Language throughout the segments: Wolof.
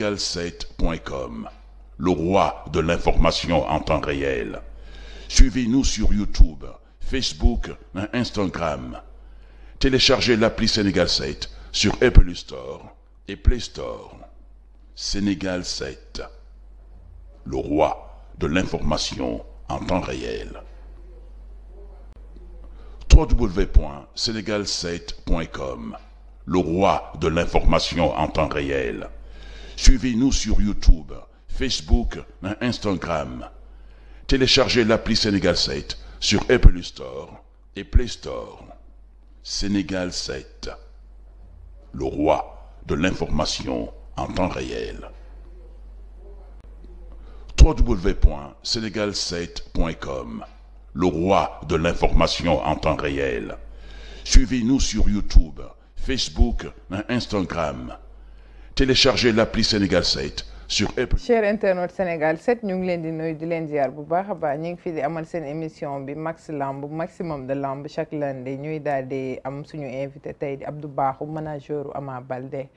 Calcet.com, le roi de l'information en temps réel. Suivez-nous sur YouTube, Facebook, Instagram. Téléchargez l'appli Sénégal 7 sur Apple Store et Play Store. Sénégal 7, le roi de l'information en temps réel. www.sénégal7.com, le roi de l'information en temps réel. Suivez-nous sur YouTube, Facebook et Instagram. Téléchargez l'appli Sénégal 7 sur Apple Store et Play Store. Sénégal 7, le roi de l'information en temps réel. en temps réel. Suivez-nous sur YouTube, Facebook et Instagram. téléchargez l'appli Sénégal 7 sur Apple. cher internaute Sénégal 7 ñu ngi leen di nuyu di leen ziar bu baax a baax ñu ngi fi di amal seen émission bi max lamb maximum de lamb chaque lundi ñuy daal di am suñu invité tey di Abdou Bakhoum manager Ama Baldé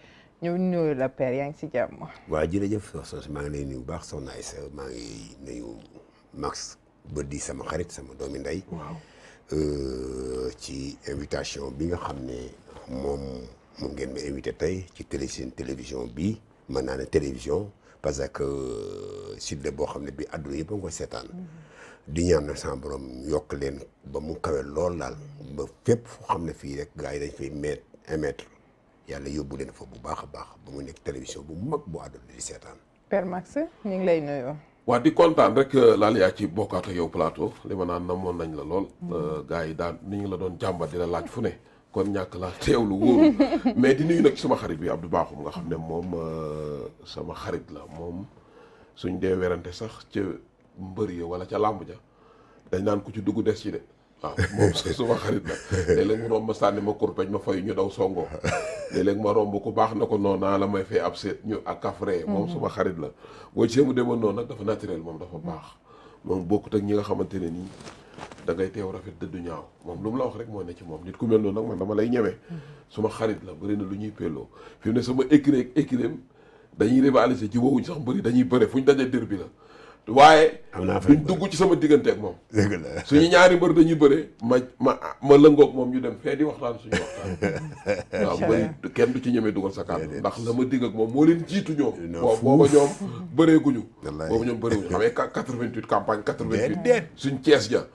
ñu nuyu la per yaa ngi si jàmm. waaw jërëjëf soxna si maa ngi lay nuyu bu baax soxna Aïssa maa ngi nuyu Max ba di sama xarit sama doomi ndey. Euh, ci invitation bi nga xam ne moom. moom ngeen ma invité tey ci télé seen télévision bi mën naa ne télévision parce que euh, site la boo xam ne bi àdduna yëpp a ngi ko seetaan mm-hmm. di ñaan na sama borom yokk leen ba mu kawe lool daal ba fépp foo xam ne fii rek gars yi dañ fay met émettre yàlla yóbbu leen fa bu baax a baax ba mu nekk télévision bu mag bu àdduna di seetaan. Père Max ñu ngi lay nuyoo. waa di kontaan rek euh, laal yaa ci bokkaat ak yow plateau li ma naan nañ la lool. Mm-hmm. Euh, gars yi daan ni ñu la doon jàmbat di la laaj fu ne. kon ñàkk laa teewlu wóoru mais di nuyu nag suma xarit bi ab Abdou Bakhoum nga xam ne moom euh, sama xarit la moom suñ dee werante sax ca mbër ya wala ca làmb ja dañ naan ku ci dugg des ci de waaw moom suma xarit la léeg-léeg mu romb sànni ma ñu daw songoo léeg-léeg ma romb baax na ko noonu naa la may fay ab seet ñu ak kafre mm-hmm. moom suma xarit la boo gisee mu demoon noonu nag dafa naturel moom dafa baax moom bokkut ak ñi nga xamante ne nii da ngay teew rafet dëddu ñaaw moom lu mu la wax rek moo ne ci moom nit ku mel noonu nag man dama lay ñeme. suma xarit la bëri lu ñuy pelloo fi mu ne sama écrit ak écritam dañuy rivaliser ci wowuñ sax mbëri dañuy bëre fu ñu dajee dër bi la waaye duñ dugg ci sama diggante moom moom suñu ñaari mbër dañuy bëre ma ma ma lëngoog moom ñu dem fee di waxtaan suñu waxtaan waaw mbëri kenn du ci ñemee dugal sa kàddu ndax la ma digg ak moom moo leen jiitu ñoom booba ñoom bëreeguñu booba ñoom bëreeguñu xamee quatre-vingt-huit campagne quatre-vingt-huit suñ Thiès ja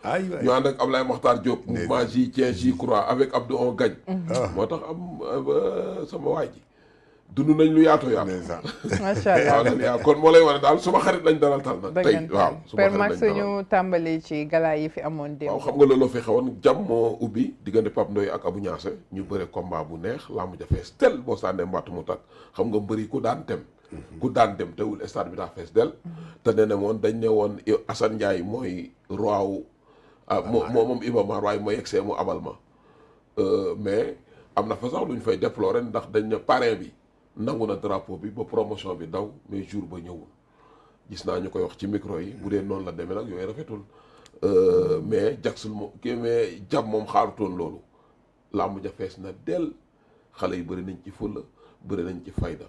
ñu ànd ak Ablaye Makhtar Diop mouvement J Thiès J Croix avec Abdou on gagne ah. moo tax am euh, sama waay ji dund nañ lu yaatoo yaatu. macha allah kon moo lay wane daal suma xarit lañ dalal tal nag. tey waaw suma xarit lañ dalal Père Max ñu yi fi amoon démb. waaw xam nga looloo fi xewoon jàmm moo ubbi diggante Pape Ndoye ak Abou Niasse ñu bëre combat bu neex laa mu jafees tel boo sànnee mbàtt mu tàkk xam nga mbëri ku daan tem. Mhm. ku daan dem teewul stade bi daa fees del mhm. te nee woon dañ ne woon Assane Ndiaye mooy roi wu. Ah, moo moo moom Iba Mar waaye mooy yegsee mu abal ma euh, mais am na fa sax lu ñu fay déplorer ndax dañ ne parrain bi nangu na drapeau bi ba promotion bi daw mais jour ba ñëwul gis naa ñu koy wax ci micro yi bu dee noonu la demee nag yooyu rafetul euh, mais Jackson moom kii mais moom xaarutoon loolu làmb ja fees na dell xale yu bëri nañ ci fulla bëri nañ ci fayda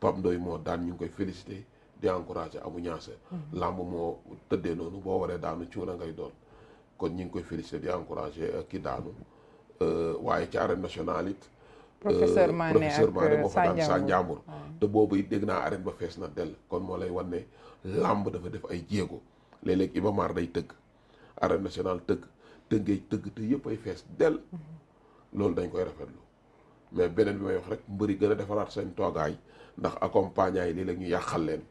Pape Ndoye moo daan ñu ngi koy félicité di encouragé amu ñaase mm-hmm. làmb moo tëddee noonu boo waree daanu cuuna ngay doon kon ñu ngi koy félicité di encouragé euh, ki daanu euh, waaye ci arène nationale it professeur euh, Mané euh, moo fa daan saa Ndiambour ah. te boobu it dégg naa arène ba fees na dell kon moo lay wan ne làmb dafa def ay jéego léeg-léeg Iba Mar day tëgg arène nationale tëgg tëggee tëgg te yëpp ay fees dell mm-hmm. loolu dañ koy rafetlu mais beneen bi may wax rek mbëri gën a defaraat seen toogaay ndax accompagnant yi léeg-léeg ñu yàqal leen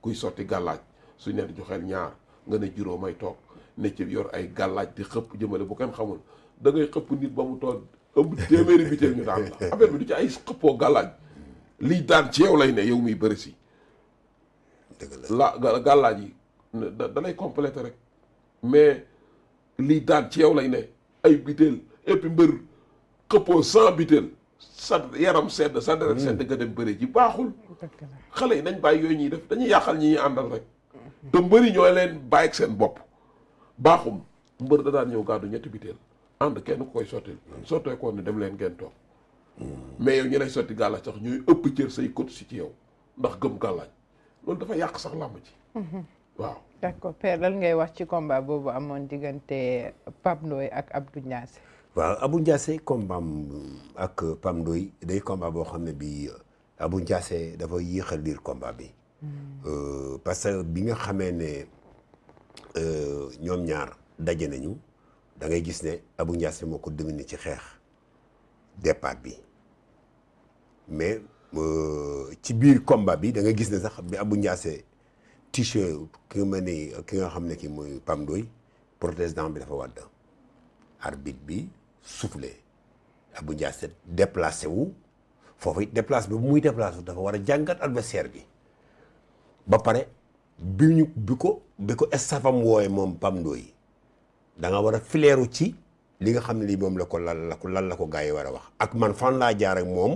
kuy sotti gàllaaj suñ leen joxeel ñaar nga ne juróom ay toog ne ci yor ay gàllaaj di xëpp jëmale bu kenn xamul da ngay xëpp nit ba mu toog ëmb téeméeri biteel ñu daan la affaire bi du ci ay xëppoo gàllaaj lii daan ci yow lay ne yow muy bëri si la gàllaaj yi da lay complété rek mais lii daan ci yow lay ne ay biteel et mbër xëppoo cent biteel sa yaram sedd sa deret sedd nga dem bëri ji baaxul xale yi nañ bàyyi yooyu ñuy def dañuy yàqal ñi ñuy àndal rek te mbëri ñooy leen bàyyi ak seen bopp baaxum mbër da daan ñëw gàddu ñetti biteel ànd kenn ku koy sottil sottee ko ne leen ngeen toog mais yow ñi lay sotti gàllaaj sax ñuy ëpp cër say kot si ci yow ndax gëm gàllaaj loolu dafa yàq sax làmb ci waaw d'accord père lan ngay wax ci combat boobu amoon diggante Pape Ndoye ak Abdou Ndiassé waaw Abdou Ndiassé combat ak Pape Ndoye day combat boo xam ne bi Abdou Ndiassé dafa yéexal liir combat bi hmm. euh, parce que bi nga xamee ne euh, ñoom ñaar daje nañu da ngay gis ne abu Ndiasse moo ko dominé ci xeex départ bi mais euh, ci biir combat bi da ngay gis ne sax bi Abou Ndiasse tiché ki nga mel ki nga xam ne ki mooy Pam Doy protestant bi dafa wàdd arbitre bi soufflé abu Ndiasse déplacé wu foofu it déplacé bi bu muy déplacé dafa war a jàngat adversaire bi ba pare bi ñu bi ko bi ko estafam wooye moom Pam Doy danga war a fileeru ci li nga xam ne lii moom la ko lan la ko lan la ko gars yi war a wax ak man fan laa jaar ak moom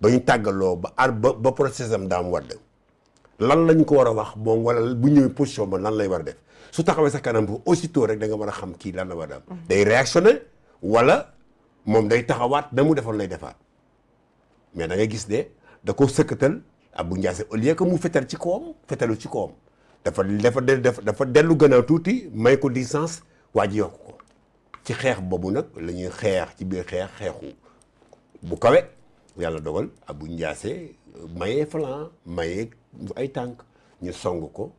ba ñu tàggaloo ba ar ba ba process am daam wadd lan lañ ko war a wax moom wala bu ñëwee position ba lan lay war a def su taxawee sa kanam bu aussitôt rek da nga war a xam kii lan na war a am. Mm-hmm. day réactionné wala moom day taxawaat na mu defoon lay defaat mais da ngay gis ne da ko sëkkatal bu Ndiassé au lieu que mu fetal ci kawam fetalu ci kawam dafa dafa dafa dellu gën tuuti may ko waa ji yokk ko ci xeex boobu nag lañuy xeex ci biir xeex xeexu bu kawe yàlla dogal abu njaase mayee flan mayee ay tànk ñu song ko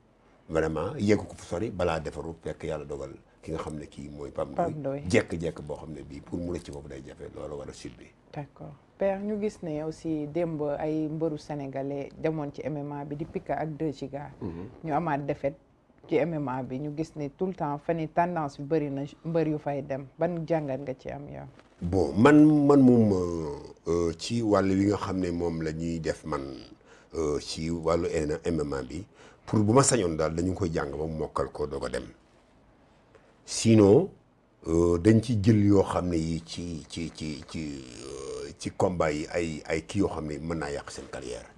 vraiment yeggu ko fu sori balaa defaru fekk yàlla dogal ki nga xam ne kii mooy pam Ndoye jekk-jekk boo xam ne bii pour mu rëcc foofu day jafe loolu war a sud bi d'accord ñu gis ne aussi démb ay mbëru sénégalais demoon ci MMA bi di Pika ak 2 Giga mhm. ñu amaat défaite ci MMA bi ñu gis ni tout le temps fan yi tendance yu bëri na mbër yu fay dem ban jàngat nga ci am yow. bon man man moom euh, euh, ci wàll wi nga xam ne moom la ñuy def man euh, ci wàllu MMA bi pour bu ma sañoon daal dañu koy jàng ba mokkal ko doo ko dem sinon dañ ci jël yoo xam ne yi ci ci ci ci ci combat yi ay ay kii yoo xam ne mën naa yàq seen carrière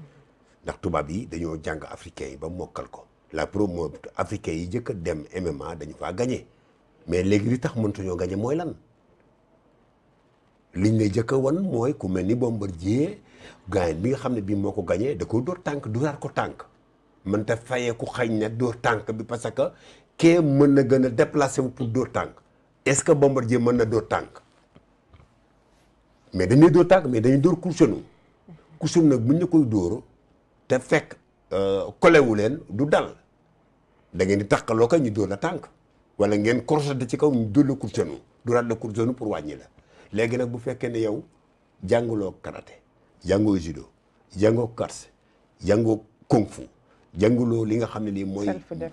ndax tubaab yi dañoo jàng africain yi ba mu mokkal ko. la pro mooy africain yi njëkk dem MMA dañu faa gañe mais léegi li tax mëntuñoo gañe mooy lan liñ lay njëkk a wan mooy ku mel ni Bombardier gaañ bi nga xam ne bii moo ko gañee da ko dóor tànk dóoraat ko tànk mën ta fayee ku xañ na door tànk bi parce que kee mën na gën a déplacé wu pour door tànk est-ce que Bombardier mën na door tànk mais dañuy dóor tànk mais dañuy dóor kurshenu kurshenu nag buñ la koy dóor te fekk kolewu euh, leen du dal da ngeen di taqaloo ko ñu dóor la tànk wala ngeen korosate ci kaw ñu dóor la kurtenu dóoraat la kurtenu pour wàññi la léegi nag bu fekkee ne yow jànguloo karaté jàngoo judo jàngoo karse jàngoo kung fu li nga xam ne nii mooy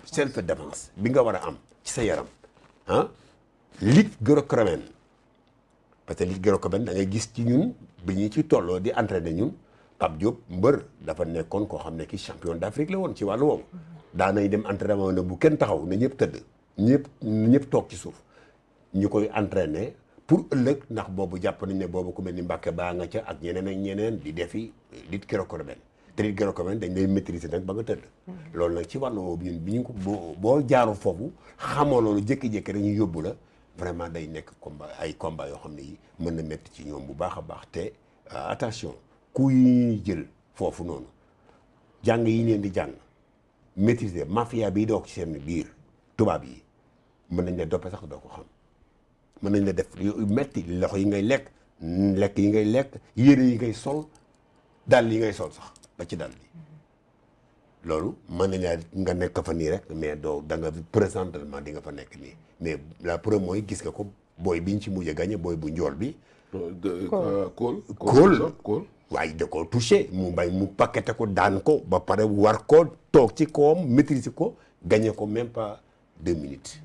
self défense bi nga war a am ci sa yaram ah lutte gréco-romaine parce que lutte gréco-romaine da ngay gis ci ñun bi ñu ci tolloo di entraîné ñun Pape Diop mbër dafa nekkoon koo xam ne ki champion d'Afrique la woon ci wàllu woowu daanay dem entraînement bu kenn taxaw na ñëpp tëdd ñëpp ñëpp toog ci suuf ñu koy entraîner pour ëllëg ndax boobu jàpp nañ ne boobu ku mel ni Mbàkke baa nga ca ak ñeneen ak ñeneen di defi lit gréco-romaine te lit gréco-romaine dañ lay maîtriser nag ba nga tëdd mm-hmm. loolu nag ci wàllu woowu ñun bi ñu ko boo jaaru foofu xamoo loolu jëkki jékki rek ñu yóbbu la vraiment day nekk combat ay combat yoo xam ne yi mën na métti ci ñoom bu baax a baax te euh, attention ku yi ñuy jël foofu noonu jàng yi leen di jàng maîtriser mafia bii doo ci seen biir tubaab yi mën nañ la doppe sax doo ko xam mën nañ la def metti loxo yi ngay lekk lekk yi ngay lekk yére yi ngay sol dal yi ngay sol sax ba ci dàll bi loolu mën nañ laa nga nekk fa nii rek mais doo da nga présentement di nga fa nekk nii mais la preuve mooy gis nga ko booy bi ñu ci mujj a gagné booy bu njool bi. kóol kóol waaye da koo touché mu mbay mu pakkete ko daan ko ba pare war ko toog ci kawam maîtriser ko gagné ko même pas deux minutes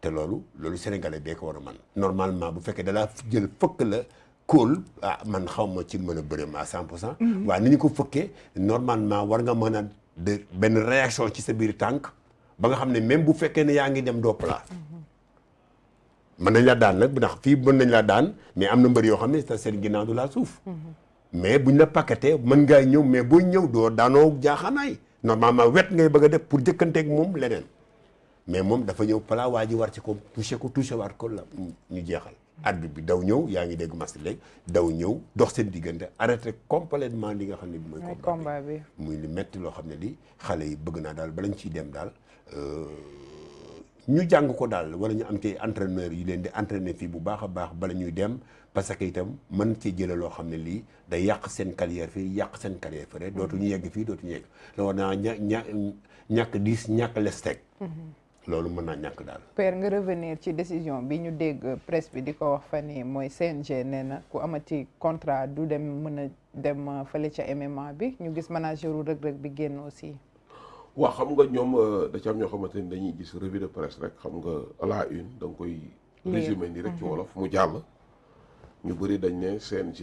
te loolu loolu sénégalais bee ko war a man normalement bu fekkee da laa jël fëkk la kóol ah, man xaw ma ci mën a bëri ma à cent pour cent mhm. waaye ni ñu ko fëkkee normalement war nga mën a de benn réaction ci sa biir tànk ba nga xam ne même bu fekkee ne yaa ngi dem doo plat mhm. mën nañ laa daan nag ndax fii mën nañ laa daan mais am na mbër yoo xam ne seen ginnaaw laa suuf mhm. mais bu ñu la pakkatee mën ngaa ñëw mais boo ñëw doo daanoo jaaxaanaay normalement wet ngay bëgg def pour jëkkanteek moom leneen mais moom dafa ñëw palaa waa ji war ci ko touché ko touché waat ko la ñu jeexal at bi daw ñëw yaa ngi dégg match léegi daw ñëw dox seen diggante arrêté complètement li nga xam ne bi mooy combat bi muy lu metti loo xam ne li xale yi bëgg naa daal balañ ciy dem daal euh, ñu jàng ko daal wala ñu am ci entraîneur yi leen di entraîner fii bu baax a baax bala ñuy dem parce que itam mën ci jële loo xam ne lii day yàq seen carrière fii yàq seen carrière fële mm-hmm. ñu yegg fii dootuñu yegg loolu naa ña ña mm-hmm. loolu mën naa ñàkk daal père nga revenir ci décision bi ñu dégg presse bi di ko wax fa ni mooy CNG nee na ku amati contrat du dem mën a dem fële ca MMA bi ñu gis manageru rëg-rëg bi génn aussi waaw xam nga ñoom euh, da ci am ñoo xamante dañuy gis revue de rek xam nga la une da koy résumé nii rek ci mm-hmm. wolof mu jàll ñu bëri dañ ne CNG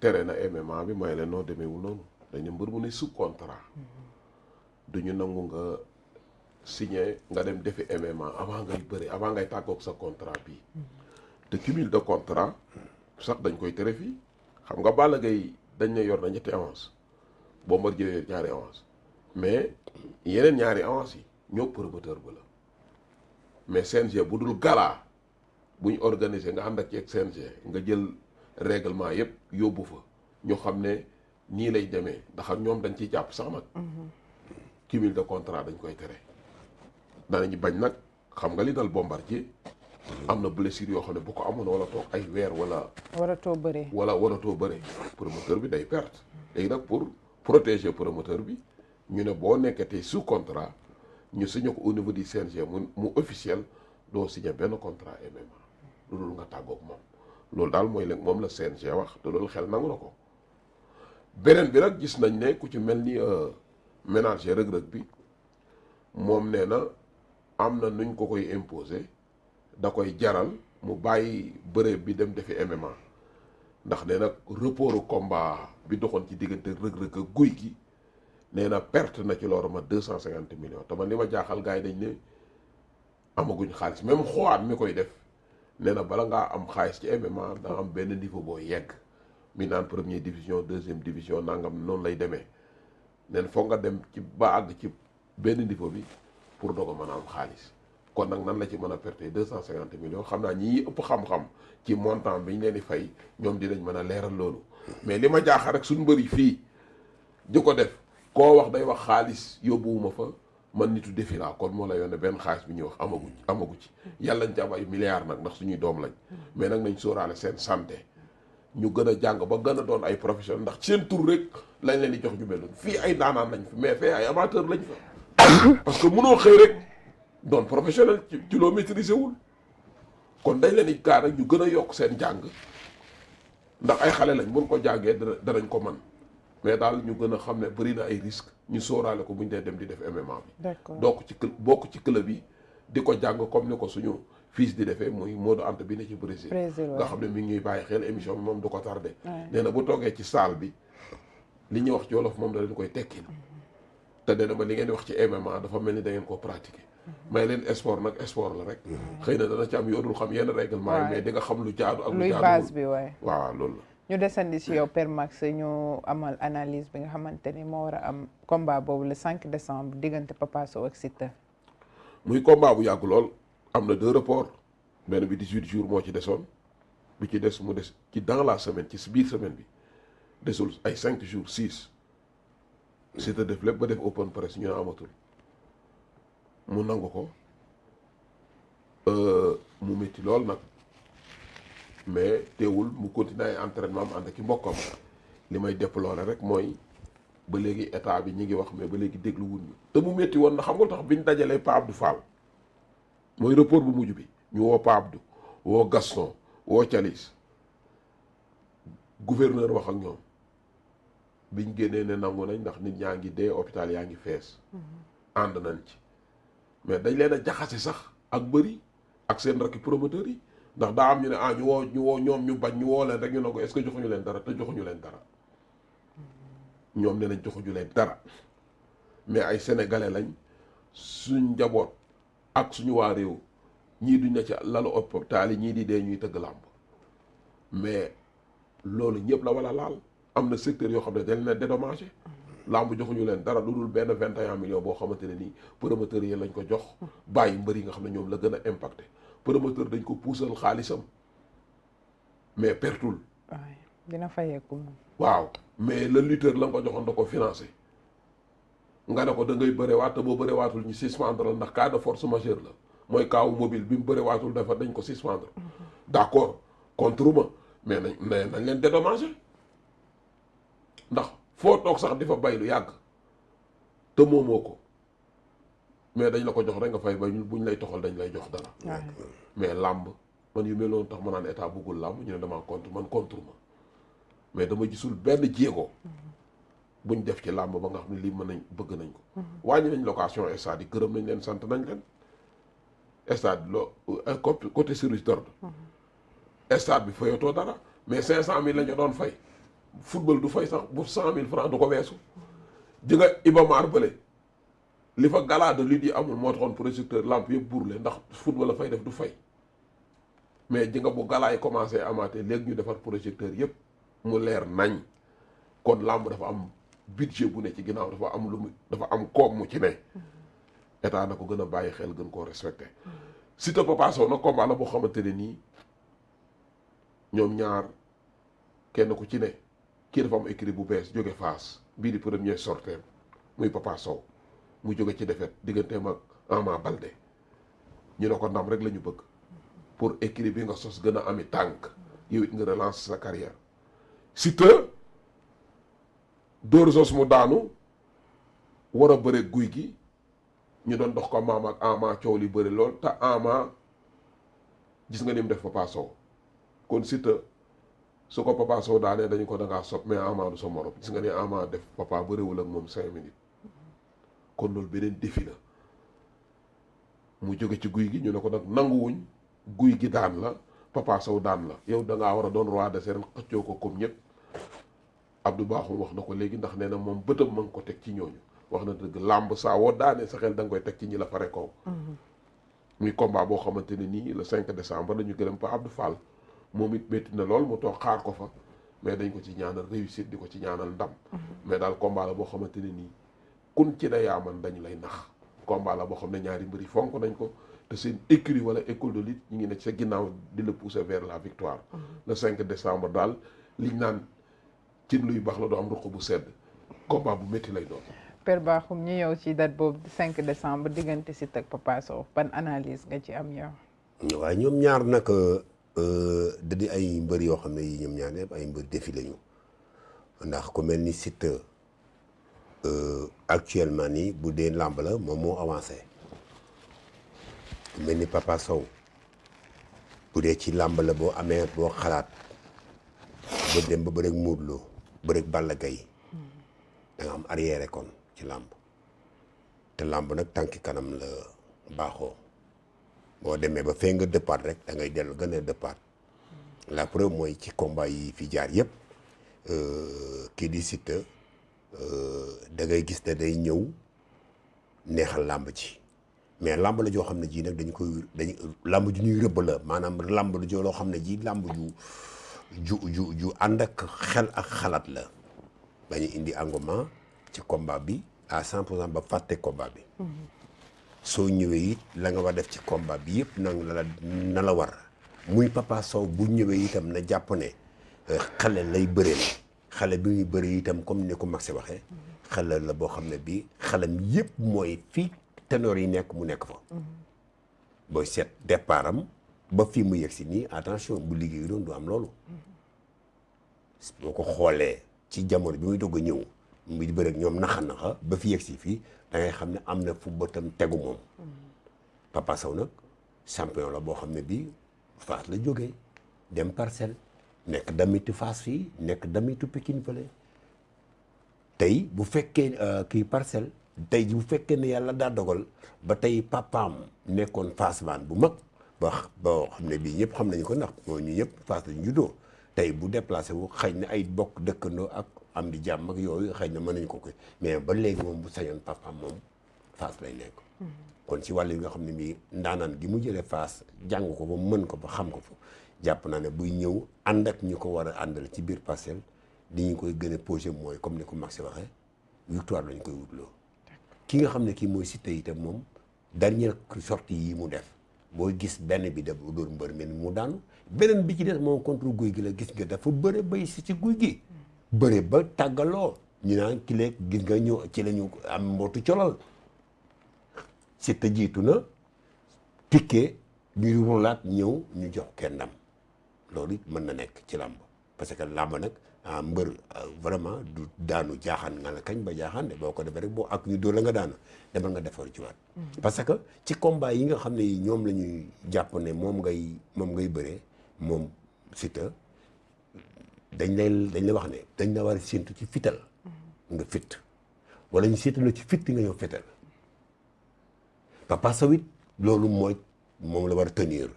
tere na MMA bi mooy leen noo demeewul noonu dañu mbër mu ne sous contrat du ñu nangu nga signé nga dem defi MMA avant ngay bëri avant ngay tàggoog sa contrat bi te cumul de contrat sax dañ koy tere fii xam nga Balla Gaye dañ ne yor na ñetti boo ma jëlee ñaari avance mais yeneen ñaari avance yi ñoo promoteur ba la mais CNG bu dul galaa bu ñu organiser nga ànd ak ci CNG nga jël réglement yëpp yóbbu fa ñoo xam ne nii lay demee ndax ñoom dañ ciy jàpp sax nag. cumul de contrat dañ koy tere. danañu bañ nag xam nga li dal ci am na blessure yoo xam ne boo ko amoon wala toog ay weer wala. waratoo bëree wala waratoo bëree. promoteur bi day perte. léegi nag pour protéger promoteur bi ñu ne boo nekkatee sous contrat ñu signé ko au niveau du CNG mu mu officiel doo signé benn contrat MMA. lu dul nga tàggoog moom loolu daal mooy léegi moom la CNG wax te loolu xel nangu na ko beneen bi nag gis nañ ne ku ci mel ni euh, ménager rëg-rëg bi moom nee na am na nuñ ko koy imposer da koy jaral mu bàyyi bërëb bi dem defi MMA ndax nee na report combat bi doxoon ci diggante rëg-rëg ak guy gi nee perte na ci loolu ma deux cent cinquante millions te man li ma jaaxal gars yi dañ ne amaguñ xaalis même xowaat mi koy def nee na bala ngaa am xaalis ci MMA da am benn niveau boo yegg mi naan première division deuxième division nangam noonu lay demee nee na foog nga dem ci ba àgg ci benn niveau bi pour doog a mën a am xaalis kon nag nan la ci mën a perte deux cent cinquante million xam naa ñi ëpp xam-xam ci montant bi ñu leen di fay ñoom dinañ mën a leeral loolu mais li ma jaaxal rek suñ mbëri fii di ko def koo wax day wax xaalis yóbbuwuma fa man nitu defi laa kon moo la yoon ne benn xaalis bi ñuy wax amagu amagu ci yàlla nañ ci am ay milliards nag ndax suñuy doom lañ mais nag nañ sóoraale seen santé ñu gën a jàng ba gën a doon ay professionnels ndax seen tur rek lañ leen di jox ñu mel noonu fii ay daanaan mais fee ay lañ parce que mënoo xëy rek doon ci loo maîtriser wul kon dañ leen di kaar rek ñu gën a yokk seen jàng ndax ay xale lañ buñ ko jàngee danañ ko man mais daal ñu gën a xam ne bëri na ay risques ñu sóoraale ko bu ñu dee dem di def MMA bi donc ci bokk ci club yi di ko jàng comme ni ko suñu fils di defee muy Modou Anta bi ne ci Brésil nga xam ne mi ngi ñuy bàyyi xel émission bi moom du ko tardé nee na bu toogee ci saal bi li ñu wax ci wolof moom da leen koy tekkil te nee ma li ngeen wax ci MMA dafa mel ni dangeen koo pratiquer mhm. may leen sport nag sport la rek mhm. xëy na dana ci am yoodul xam yenn règlement yi mais di nga xam lu jaadu ak lu jaadu waaw loolu la ñu desandi si yow Père ñu amal analyse bi nga xamante ni moo war a am combat boobu le 5 décembre diggante Papa Sow ak muy combat bu yàgg lool am na deux reports benn bi 18 jour moo ci desoon bi ci des mu des ci dans la semaine ci biir semaine bi desul ay 5 jours 6. Siteu def lépp ba def open press ñu amatul mu nangu ko euh, mu métti lool nag. mais teewul mu continuer ay entraînement am ànd ak i mbokkam li may déplorer rek mooy ba léegi état bi ñu ngi wax mais ba léegi déglu wuñ te mu métti woon na xam nga tax bi biñ dajalee Pa du Fall mooy rapport bu mujj bi ñu woo Pa Abdou woo Gaston woo Thialis gouverneur wax ak ñoom ñu génnee ne nangu nañ ndax nit ñaa ngi dee hôpital yaa ngi fees mhm. ànd nañ ci mais dañ leen a jaxase sax ak bëri ak seen rakki promoteurs yi ndax daa am ñu ne ah ñu woo ñu woo ñoom ñu bañ ñu woo leen rek ñu ne ko est-ce que joxuñu leen dara te joxuñu leen dara ñoom ne joxuñu leen dara mais ay sénégalais lañ suñ njaboot ak suñu waa réew ñii duñ na ci lalu hôpital yi ñii di dee ñuy tëgg làmp mais loolu ñëpp la wala laal am na secteur yoo xam ne dañ leen dédommagé làmb joxuñu leen dara lu dul benn vingt et un boo xamante ne nii promoteurs yi lañ ko jox bàyyi mbër yi nga xam ne ñoom la gën a impacté promoteur dañ ko puusal xaalisam mais pertul dina fayeeku waaw mais la lutteur la ko joxoon da ko financé nga ne ko da bëri bërewaat te bëri waatul ñu suspendre la ndax cas de force majeure la mooy kaawu mobile bi mu bëri bërewaatul dafa dañ ko suspendre mm-hmm. d'accord contre ma mais nañ nañ leen dédommagé ndax foo toog sax di fa bay lu yàgg te moomoo ko mais dañ la ko jox rek nga fay ba buñ lay toxal dañ lay jox dara. mais làmb man yu mel noonu tax ma naan état bëggul làmb ñu ne damaa contre man contre ma mais dama gisul benn jéego. buñ def ci làmb ba nga xam ne lii mën nañ bëgg nañ ko. Mhm. wàññi nañ location stade yi gërëm nañ leen sant nañ leen. stade loo euh, côté service d'ordre. Mhm. stade bi fayatoo dara mais 500000 la ñu doon fay. football du fay sax bu 100000 francs du ko weesu. Mhm. di nga Ibamar li fa gala de lutte yi amul moo taxoon projecteur lamp yëpp burle ndax football la fay def du fay mais ji nga bu gala yi commencé amaatee léegi ñu defar projecteur yëpp mu leer nañ kon lamb dafa am budget bu ne ci ginnaaw dafa am lu mu dafa am koom mu ci ne état ko gën a bàyyi xel gën koo respecté Siteu Papa Sow nag combat boo xamante ne nii ñoom ñaar kenn ku ci ne kii dafa am écrit bu bees jóge Fass bii di premier sorteem muy Papa Sow mu jóge ci defeet digganteem ak Ama balde ñu ne ko ndam rek la ñu bëgg pour équilibre bi nga sos gën a ami tànk yow it nga relance sa carrière Siteu dóor sos mu daanu war a bëre guy gi ñu doon dox ko maam ak Ama coow li bëri lool te Ama gis nga ni mu def Papa Sow kon Siteu su ko Papa Sow daanee dañu ko dangaa sob mais Ama du sa morom gis nga ni Ama def Papa bëriwul ak moom cinq minutes kon loolu beneen défi la mu jóge ci guy gi ñu ne ko nag nanguwuñ guy gi daan la Papa Sow daan la yow da ngaa war a doon roi des arènes xëccoo ko comme ñëpp Abdou Bakhoum wax na ko léegi ndax nee na moom bëtam ma ngi ko teg ci ñooñu wax na dëgg làmb saa woo daanee sa xel da koy teg ci ñi la fare kaw mhm. muy combat boo xamante ne nii la cinq décembre dañu gërëm pa Abdou Fall moom it métti na lool mu toog xaar ko fa mais dañ ko ci ñaanal réussite di ko ci ñaa ndam mhm. mais daal combat kun ci ne yaa man dañu lay nax combat la boo xam ne ñaari mbëri fonk nañ ko te seen écurie wala école de lutte ñu ngi ne sa ginnaaw di la pousser vers la victoire mm-hmm. le 5 décembre daal liñ naan cin luy baax la doo am ruq bu sedd combat bu métti lay doon Père Bakhoum ñu ñëw ci date boobu 5 décembre diggante Siteu ak Papa Sow ban analyse nga ci am yow waaye ñoom ñaar nag euh, da ay mbër yoo xam ne yi ñoom ñaar yëpp ay mbër défi lañu ndax ku mel ni Siteu Euh, actuellement nii bu dee làmb la moom moo avancé mel ni Papa Sow bu dee ci làmb la boo amee boo xalaat ba dem ba bëreeg Modou Lo bëreeg Balla Gaye da am arrière kon ci làmb te làmb nag tànki kanam la baaxoo boo demee ba fee nga départ rek da ngay dellu gën a départ la preuve mooy ci combat yi fi jaar yëpp euh, kii di Siteu Euh, dangay gis ne day ñëw neexal làmb ci mais làmb la joo xam ne ji nag dañ koy dañ làmb ju ñuy rëbb la maanaam làmb la joo loo xam ne ji làmb ju ju ju ju ànd ak xel ak xalaat la dañu indi engouement ci combat bi a sant pour cent ba fàtte komba bi soo ñëwee it la nga war def ci combat bi yëpp nang la na la war muy Papa Sow bu ñëwee itam na jàpp ne euh, xale lay bëree la xale bi muy bëri itam comme ni ko Maxi waxee xale la boo xam ne bii xalam yépp mooy fii ténor yi nekk mu nekk fa booy seet départ ba fii mu yegg si nii attention bu liggéey doon du am loolu boo ko xoolee ci jamono bi muy dogg a ñëw mu di bëri ak ñoom naxa naxa ba fi yegg si fii da xam ne am na fu bëtam tegu moom Papa Sow nag champion la boo xam ne bi Fass la jógee dem parcelle nekk damitu Fass fii nekk damitu Pikine fële tey bu fekkee euh, kii parcelle tey bu fekkee ne yàlla daa dogal ba tey papaam nekkoon Fass baan bu mag ba boo xam ne bii ñëpp xam nañ ko ndax moo ñu ñëpp Fass lañu tey bu déplacé wu xëy na ay bokk dëkkandoo ak am di jàmm ak yooyu xëy na mën nañu ko koy mais ba léegi moom bu sañoon papaam moom Fass lay nekk. Mm-hmm. kon ci wàll yi nga xam ne bii ndaanaan gi mu jëlee Fass jàng ko ba mën ko ba xam ko fa. jàpp naa ne buy ñëw ànd ak ñu ko war a àndal ci biir Parcelles di ñu koy gën a mooy comme ni ko Max waxee victoire lañ koy wutloo ki nga xam ne kii mooy Siteu itam moom dernière sortie yi mu def boo gis benn bi def dóor mu daanu beneen bi ci des moom contre gi la gis nga dafa bëre bay si ci guy gi bëre ba tàggaloo ñu naan ki leeg nga ñëw ci la ñu am mbootu colal Siteu jiitu ñëw ñu jox kenn ndam loolu it mën na nekk ci làmb parce que làmb nag ah, mbër ah, vraiment du daanu jaaxan nga la kañ ba jaaxaan de boo ko defee rek boo ak ñu dóor la nga daanu demal nga defar ci waat mm-hmm. parce que ci combat yi nga xam ne ñoom la ñuy jàpp ne moom ngay moom ngay bëree moom Siteu dañ lay dañ lay wax ne dañ la war a ci fital mm-hmm. nga fit wala ñu séntu la ci fit nga ñëw fital Papa Sow it loolu mooy moom la war a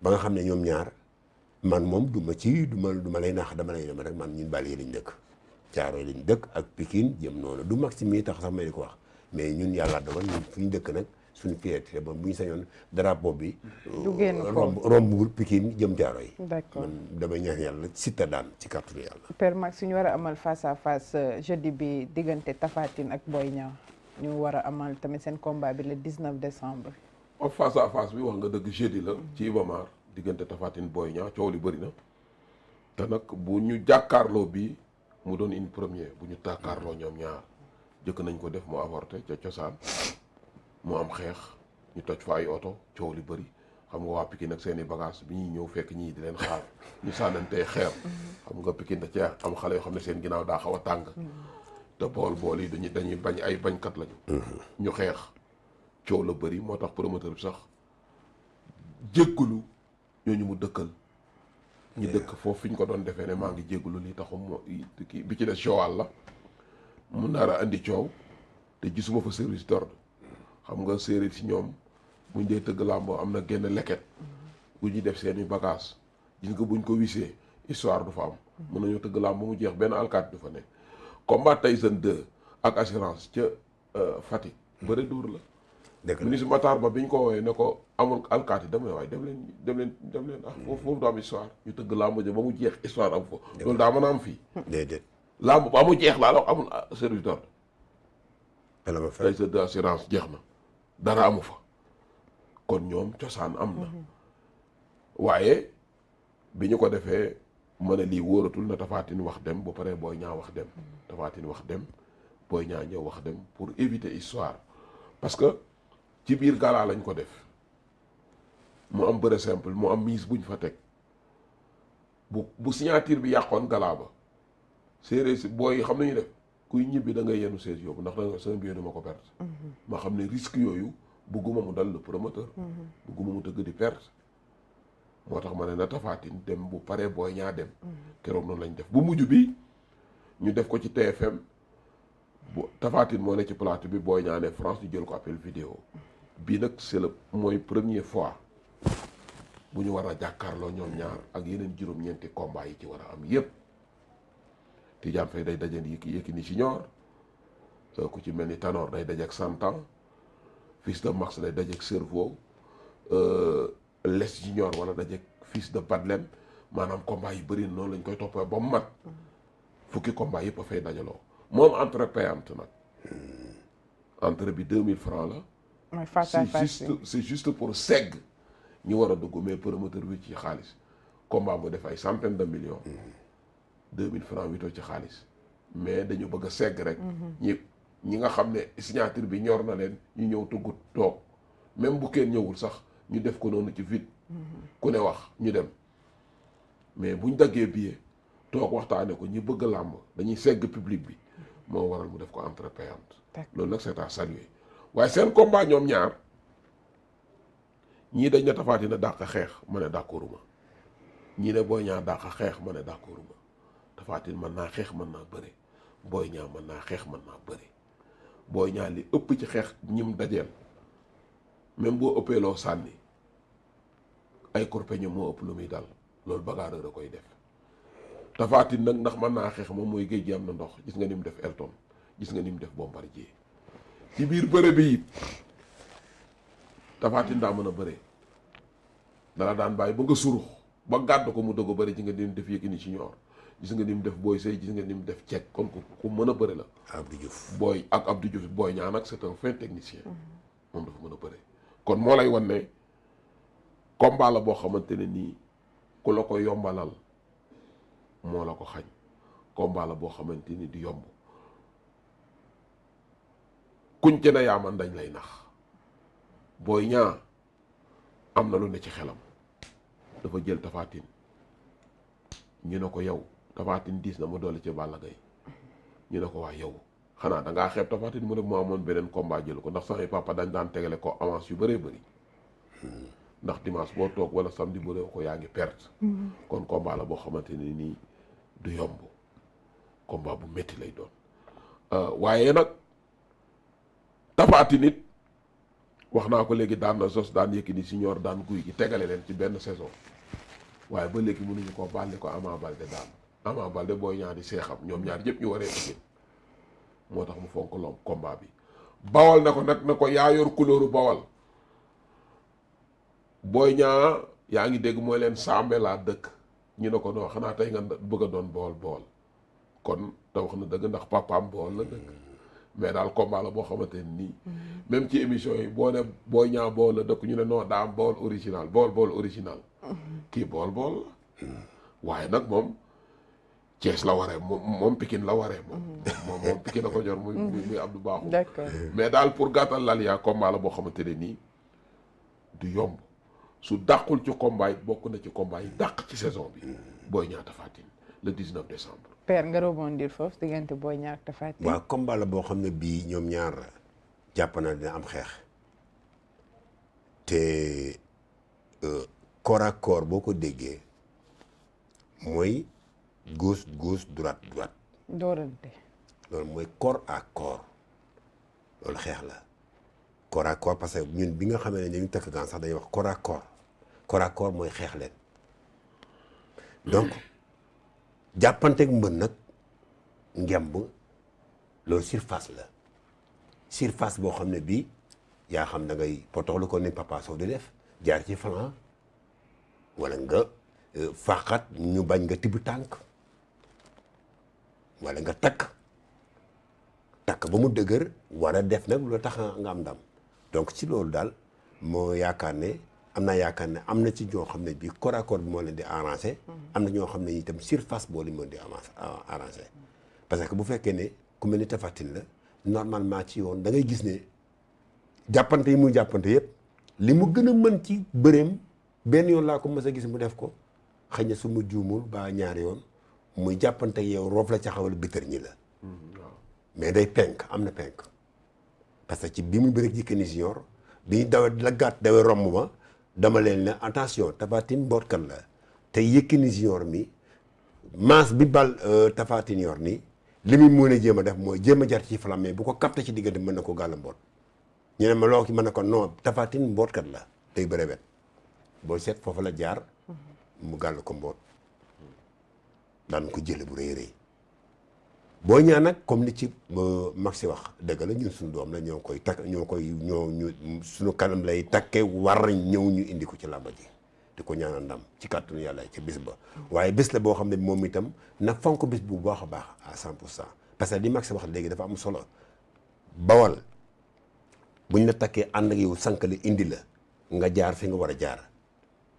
ba nga xam ne ñoom ñaar man moom du ma ci du ma du ma lay naax dama lay dem rek man ñun bàll yi lañ dëkk caaro lañ dëkk ak Pikine jëm noonu du mag si mii tax sax may di ko wax mais ñun yàlla dogal ñun fu ñu dëkk nag suñu fierté bon bu ñu sañoon drapeau bi. du génn romb rombul Pikine jëm caaro yi. d'accord man damay ñaan yàlla Siteu daan ci kàttanu yàlla. Père Max suñu war a amal face à face euh, jeudi bi diggante Tapha Tine ak Boy Niang ñu war a amal tamit seen combat bi le 19 décembre. o face à bi wax nga dëgg jeudi la ci Ibamar diggante Tapha Tine Boy Niang coow li bëri na te nag bu ñu jàkkaarloo bii mu doon une premier bu ñu tàkkaarloo ñoom ñaar jëkk nañ ko def mu avorté ca cosaan mu am xeex ñu toj fa ay oto coow li bëri xam nga waa Pikine nag seen i bagage bi ñuy ñëw fekk ñii di leen xaar ñu sànnantee xeer xam nga Pikine da cee am xale yoo xam ne seen ginnaaw daa xaw a tàng mm-hmm. te bool bool yi dañuy dañuy bañ ay bañkat lañu mm-hmm. ñu xeex coow la bëri moo tax promoteur bi sax jéggalu ñooñu dëkkal ñu dëkk foofu fi ñu ko doon defee ne maa ngi jéggalu li taxum kii bi ci des la mu nar a te gisuma fa service d'ordre xam nga séeréer si ñoom buñ dee tëgg làmboo am na genn leket bu ñuy def seeni bagage gis nga buñ ko wisee histoire du am mën nañoo tëgg làmb mu jeex benn alkaat du fa nekk ne combat Tyson 2 ak assurance ca euh, Fatick mm. bëre dóor la dëgg la ministre Matar Ba bi ñu ko woowee ne ko amul alkaati damay waaye dem leen dem leen dem leen ah foofu foofu du am histoire ñu tëgg làmb ja ba mu jeex histoire amu ko loolu daa mën a am fii déedéet làmb ba mu jeex laa la wax amul ah, service d'ordre licence d'assurance jeex na dara amu fa kon ñoom cosaan am mhm. bi ñu ko defee ma ne lii wóoratul na tafaatin wax dem ba pare booy ñaa wax dem mhm. tafaatin wax dem booy ñaa ñëw wax dem pour éviter histoire parce que ci biir gala lañ ko def mu am bëre simple mu am bu ñu fa teg bu bu signature bi yàqoon gala ba séeréer si booy xam nañu def kuy ñibbi da ngay yenu sees yóbbu ndax danga sama billet duma ko perte mhm. ma xam ne risque yooyu bëgguma mu dal le promoteur mhm. bëgguma mu tëgg di perte moo tax ma ne na tafaatin dem bu paree booy ñaa dem mhm. keroog noonu lañ def bu mujj bi ñu def ko ci TFM bu tafaatin moo ne ci plateau bi booy ñaa ne France ñu jël ko appel vidéo bii nag c'est la mooy premier fois bu ñu war a jàkkaarloo ñoom ñaar ak yeneen juróom-ñeenti combat yi ci war a am yépp Tidiane Faye day daje ni Yékini Junior euh, ku ci mel ni Tanor day daje ak Santan fils de Max day daje ak Servo euh, Les Junior wala daje ak fils de Badlem maanaam combat yi bëri loolu lañ koy toppee ba mu mat fukki combat yëpp a fay dajaloo moom entrepayante nag entre bi mille francs la. mooy face à face c'est juste pour segg ñu war a dugg mais promoteur bi ci xaalis combat bu def ay centaine de millions. deux mille francs witoo ci xaalis. mais dañu bëgg a segg rek. Mhm. ñi nga xam ne signature bi ñor na leen ñu ñëw tugg toog même bu kenn ñëwul sax ñu def ko noonu ci vide. Mhm. ku ne wax ñu dem mais buñ daggee billet toog waxtaane ko ñi bëgg làmb dañuy segg public bi mhm. moo waral mu def ko entreprenariat. loolu nag c'est à saluer. waaye seen combat ñoom ñaar ñii dañ ne Tapha Tine dàq xeex ma ne d'accorduma ñii ne Boy Niang dàq xeex ma ne d'accorduma Tapha Tine mën naa xeex mën naa bëre booy Niang mën naa xeex mën naa bëre booy Niang li ëpp ci xeex ñim dajeel même boo ëppee loo sànni ay korpeño moo ëpp lu muy dal loolu bagarreur da koy def Tapha Tine nag ndax mën naa xeex moom mooy géej gi am na ndox gis nga ni mu def Elton gis nga ni mu def Bombardier ci biir bëre bi it Tapha Tine daa mën a bëree dala daan bàyyi ba nga surux ba gàdd ko mu dogo bëri ci nga dim def Yékini ci ñoor gis nga ni mu def Boy Sey gis nga ni mu def Cek kon ku ku mën a bëri la. Abdou Diouf booy ak Abdou Diouf booy ñaan ak c'est un fin technicien. moom dafa mën a bëri. kon moo lay wan ne boo xamante ne nii ku la ko yombalal moo la ko xañ combat boo xamante ni di yomb. kuñ ci na man dañ lay nax booy ñaa am na lu ne ci xelam dafa jël tafaatin ñu ne ko yow tafaatin diis na mu dolli ci Balla Gaye ñu ne ko waa yow xanaa dangaa xeeb tafaatin mu ne mu amoon beneen combat jël ko ndax samay papa dañ daan tegale ko avance yu bëree bëri ndax boo toog wala samedi bu ko yaa ngi perte kon combat la boo xamante ne nii du yomb combat bu metti lay doon euh, waaye nag tafaati nit wax naa ko léegi daan na sos daan Yékini senior daan guy gi tegale leen ci benn saison waaye ba léegi mënuñu ko bàlli ko Ama Baldé daan Ama Baldé booy ñaari seexam ñoom ñaar yëpp ñu waree Pikine moo tax mu fonk lom combat bi bawal na ko nag na ko yaa yor couleur bawal booy ñaa yaa ngi dégg mooy leen sàmbe laa dëkk ñu ne ko noo xanaa tey nga bëgg doon bawal bool kon te wax na dëgg ndax papaam bawal la dëkk mais daal combat la boo xamante nii. même ci émission yi boo ne boo ñaa bool la dëkk ñu ne non daam bool original bool bool original. kii bool bool waaye nag moom Thiès la waree moom moom Pikine la waree moom. moom moom ko ñor muy muy Abdou Bakhoum. d'accord mais daal pour gàttal laal yaa combat boo xamante ne nii du yomb su dàqul ci combat bokk na ci combat yi dàq ci saison bi. booy ñaata Fatine le 19 décembre. père nga rebondir foofu diggante Boy Niang ak Tapha Tine. waaw combat la boo xam ne bii ñoom ñaar jàpp na dina am xeex te euh, corps à corps boo ko déggee mooy goos gauche droite droite. doorante. loolu mooy corps à corps loolu xeex la corps à corps parce que ñun bi nga xamee ne dañu takk gan sax dañuy wax corps à corps mooy xeex leen donc. jàppanteek mbën nag ngemb loolu surface la surface boo xam ne bii yaa xam da ngay potoxlu ko ni Papa Sow di def jaar ci flanc walla nga euh, faaxat ñu bañ nga tibb tànk wala nga takk takk ba mu dëgër war a def nag lu tax nga am ndam donc ci loolu daal moo yaakaar ne am na yaakaar ne am na ci ñoo xam ne bii corps à corps bi moo leen di arrangé. am na ñoo xam ne itam surface boo leen moo di arrangé. parce que bu fekkee ne ku mel ni Tapha Tine la normalement ci yoon da ngay gis ne jàppante yi muy jàppante yëpp li mu gën a mën ci bëreem benn yoon laa ko mës a gis mu def ko xëy na su ma juumul ba ñaari yoon muy jàppante yow roof la ca xawal bitar ñi la. mais day penk am na penk. parce que ci bi mu bëri Yékini Junior bi ñu dawee la gàtt dawee romb dama leen na attention tafatin mbootkat la tey Yékini junior mi masse bi bal euh, tafaatin yor ni li muy mën a jéem a def mooy jéem a jar ci flamme bu ko capté ci diggante mën na ko gàll mboot ñu ma loo ki mën na ko non tafatin mbootkat la tey bëre boo seet foofu la jaar mu gàll ko mboot daan ko jële bu rëy rëy boo ñaan nag comme ni ci euh, Maxi wax dëgg la ñun suñu doom la ñoo koy takk ñoo koy ñoo ñu suñu kanam lay takke war ñëw ñu indi ko ci làmba ji di ko ñaanal ndam ci kàttanu yàlla ci bis ba waaye bis la boo xam ne moom itam na fonk bis bu baax a baax à cent pour cent parce que li si wax léegi dafa am solo bawal buñ la takkee ànd ak yow sànq la indi la nga jaar fi nga war a jaar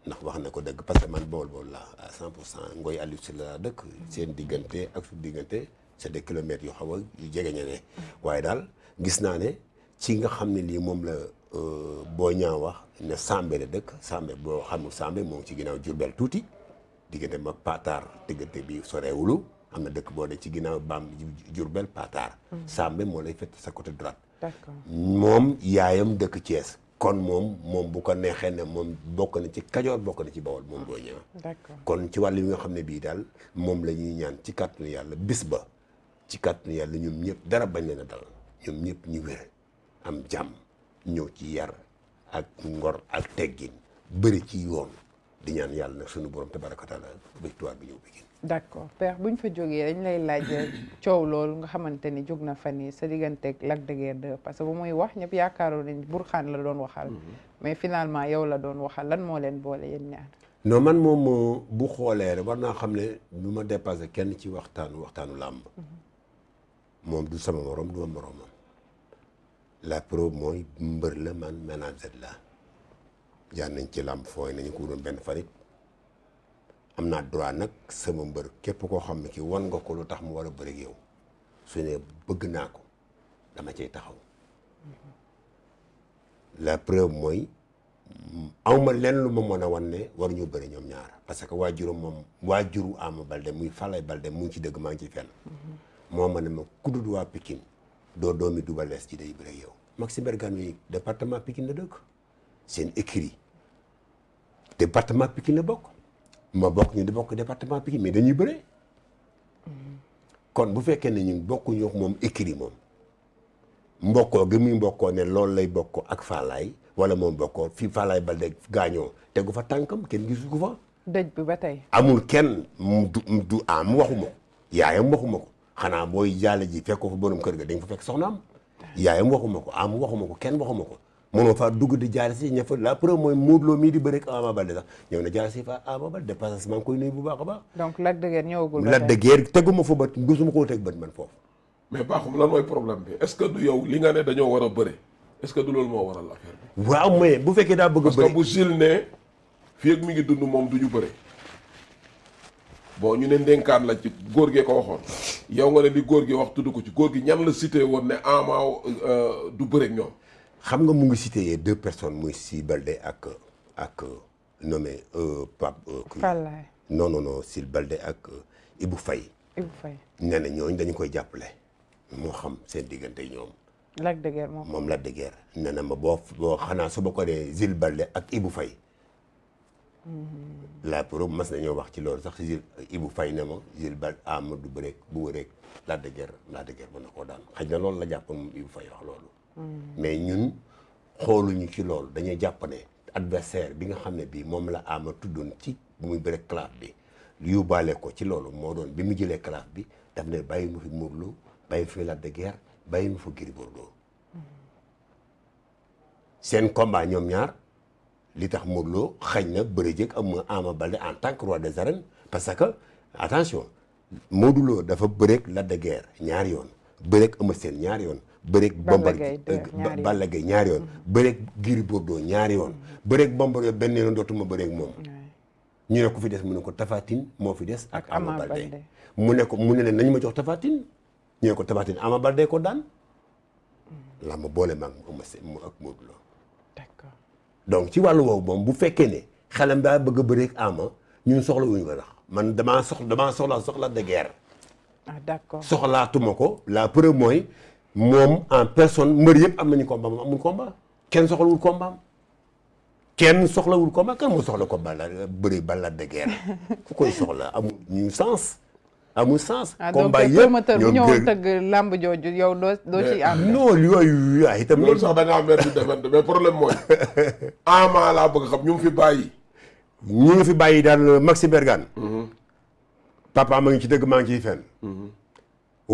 ndax wax na ko dëgg parce que man bawal bawal la à cent pour cent ngoy Aliou si la dëkk seen diggante ak su diggante c'est des kilomètres yu xaw a yu jegeñale waaye daal gis naa ne ci nga xam ne lii moom la euh, boo ñaaw wax ne Sambe la dëkk Sambe boo xamul Sambe moo ngi ci ginnaaw Jurbel tuuti diggante mag Pataar diggante bi soreewulu am na dëkk boo de ci ginnaaw Bam Jurbel Pataar mm-hmm. Sambe moo lay fett sa côté droite d'accord moom yaayam dëkk Thiès kon moom moom bu ko neexee ne moom bokk na ci Kajoor bokk na ci Bawol moom boo ñëwaat kon ci wàll yi nga xam ne bii daal moom la ñuy ñaan ci kàttanu yàlla bis ba ci kàttanu yàlla ñoom ñëpp dara bañ leen a dal ñoom ñëpp ñu wér am jàmm ñëw ci yar ak ngor ak teggin bëri ci yoon di ñaan yàlla nag sunu borom tabaraka taala victoire bi ñëw bi d' accord père bu ñu fa jógee dañ lay laaj coow loolu nga xamante ni jóg na fa nii sa digganteeg Lac de Guiers 2 parce que bu muy wax ñëpp yaakaaroon nañ xaan la doon waxal mhm. mais finalement yow la doon waxal lan moo leen boole yéen ñaar non man moom bu xoolee rek war naa xam ne lu ma dépassé kenn ci waxtaanu waxtaanu làmb mhm. moom du sama morom du ma moromam la mooy mbër la man manager la jaar nañ ci làmb fooy nañu ko doon benn farit am naa droit nag sama mbër képp koo xam ne ki wan nga ko lu tax mu war a bëri yow su ne bëgg naa ko dama cay taxaw la preuve mooy awma lenn lu ma mën a wan ne war ñu bari ñoom ñaar parce que waajuru moom waajuru Ama Balde muy Falaye Balde mu ngi ci dëgg maa ngi ci fenn moo ma ne ma kuddud waa Pikine doo doomi Double Less ci day bëre yow Maxime Bergane yi département Pikine la dëkk seen écrit département Pikine la bokk ma bokk ñu di bokk département Pikine mais dañuy bëre kon bu fekkee ne ñun bokkuñu ak moom écrit moom mbokkoo gi muy mbokkoo ne loolu lay bokkoo ak Fallaye wala moom bokkoo fii Fallaye Balde gaañoo tegu fa tànkam kenn gisu ko fa. dëj bi ba tey. amul kenn mu du ah, mu waxuma yaayam waxuma ko. xanaa booy jaale ji fekk ko fa borom kër ga dañ fa fekk soxnaam yaayam waxuma ko am waxuma ko kenn waxuma ko mënoo faa dugg di jaale si ña fa la preuve mooy Modou Lo mii di bëre ak Ama Baldé sax ñëw na jaale si fa Ama Baldé passage maa koy nuyu bu baax baax. donc Lac de Guiers ñëwagul. ba tey Lac teguma fa bët gisuma koo teg bët man foofu. mais baaxum lan mooy problème bi est-ce que du yow li nga ne dañoo war a bëre est-ce que du loolu moo waral affaire bi. waaw mais bu fekkee daa bëgg a bëre fii ak mi ngi dund moom du ñu bon ñu ne ndénkaan la ci góor gee ko waxoon yow nga ne li góor gi wax tudd ko ci góor gi ñan la cité woon ne Ama euh, du bëreeg ñoom. xam nga mu ngi cité deux personnes muy si Balde ak ak euh, nommé euh, Pape. Fallaye non non non si Balde ak Ibou fay Ibou Faye nee na ñooñu dañu koy jàppale. moo xam seen diggante ñoom. Lac de Guiers moom moom Lac de Guiers nee na ma boo boo xanaa su ma ko nee Zil Balde ak Ibou Faye. la pro mas nañoo wax ci loolu sax Jules euh, Ibou Faye ne ma Jules Ba am Ba rek bu rek Lac de Guiers Lac de Guiers na koo daan xaj na loolu la jàppoon moom Ibou Faye wax loolu. Mm. mais ñun xooluñu ci loolu dañuy jàpp ne adversaire bi nga xam ne bii moom la ama tuddoon ci bu muy bëre claf bi yóbbaale ko ci loolu moo doon bi mu jëlee claf bi daf ne bàyyi mu fi Modou Lô bàyyi mu fi Lac de Guiers bàyyi mu fa Gris Bordeaux mm. seen combat ñoom ñaar. li tax Modou Lo xañ na bëri jëkk am Ama Baldé en tant que roi des arènes parce que attention Modou Lo dafa bëreeg Lac de Guiers ñaari yoon bëreeg Eumeu seen ñaari yoon bëreeg Bombardier euh, Balla Gaye ñaari yoon mm-hmm. bëreeg Gris Bordeaux ñaari yoon mm-hmm. bëreeg Bombardier benn yoon dootuma bëreeg moom ñu ne ko fi des mu ne ko tafaatin moo fi des ak Ama Baldé mu ne ko mu ne leen nañu ma jox Tafatine ñu ne ko Tafatine Ama Baldé ko daan mm-hmm. la ma boole maag Eumeu Sène ak Modou Lo donc ci wàllu woowu moom bu fekkee ne xelam daa bëgg a bëreeg ama ñun ko sax man damaa soxla damaa soxla soxla de guerre. ah d'accord soxlaatuma ko la preuve mooy moom en personne mbër yëpp am nañu combat moom amul combat kenn soxlawul combat am kenn soxlawul combat kan mu soxla ko la bëri balla la de guerre ku koy soxla amul ñu sens. amul sens. Ah, combat yëpp promoteur bu ñëwoon tëgg làmb jooju yow doo doo ci am. non yooyu ay itam. loolu sax da ngaa mer di defante mais problème mooy. ama laa bëgg xam ñu ngi fi bàyyi. ñu ngi fi bàyyi daal Maxi Bergan. Mm-hmm. papa ma ngi ci dëgg maa ngi ciy fenn. Mm-hmm.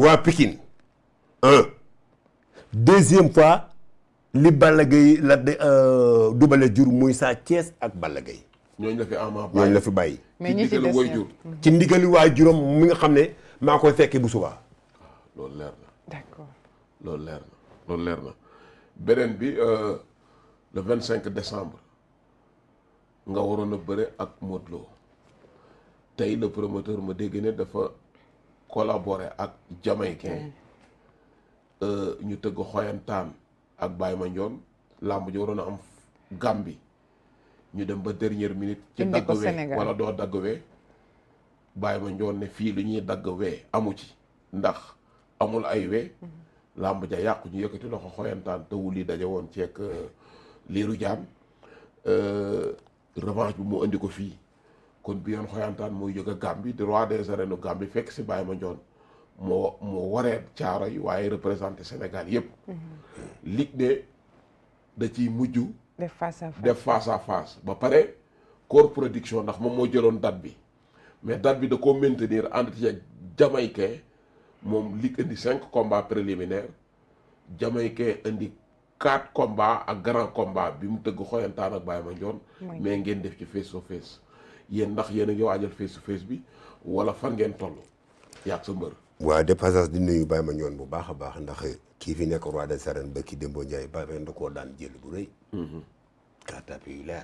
waa Pikine. un deuxième fois li Balla Gaye la de euh, dubale jur muy saa Thiès ak Balla Gaye ñooñu la fi Ama bàyyi ñooñu la fi bàyyi. mais ñi ci des waajur ci ndigali waajuram mi nga xam ne maa koy fekkee bu subaa. waaw ah, loolu leer na. loolu leer na beneen bi euh, le vingt cinq décembre nga waroon a bëre ak Modou Lo tey le promoteur ma dégg ne dafa collaborer ak jamay Jamaïcain mm. euh, ñu tëgg xoyantaan ak Baye Mandione làmb ji waroon a am Gambie. ñu dem ba dernière minute. ci dagg wee wala doo dagg wee bàyyi ma njoon ne fii lu ñuy dagg wee amu ci ndax amul ay we làmb ja yàqu ñu yëkkati loxo xoyantaan te wuli daje woon ceek euh, liiru jaan euh, revanche bi mu indi ko fii kon bi yoon xoyantaan mooy jóge Gambie di roi des arènes Gambie fekk si bàyyi ma njoon moo moo waree caaro yi waaye représenté senegal yëpp. Mhm. Ligue de da ciy mujj def face à face def face ba pare Core Production ndax moom moo jëloon date bi mais date bi da koo maintenir ànd ci ak Jamaïcain moom lig indi cinq combats préliminaires Jamaïcain indi quatre combats ak grand combat bi mu tëgg xoyantaan ak ma Mandione mais ngeen def ci face to face yéen ndax yéen a ngi waajal face to face bi wala fan ngeen toll yaag sa mbër waaw de passage di nuyu Baye Mandione bu baax a baax ndax kii fi nekk roi de arènes ba kii Dembo daan jël bu rëy mhm. caterpillar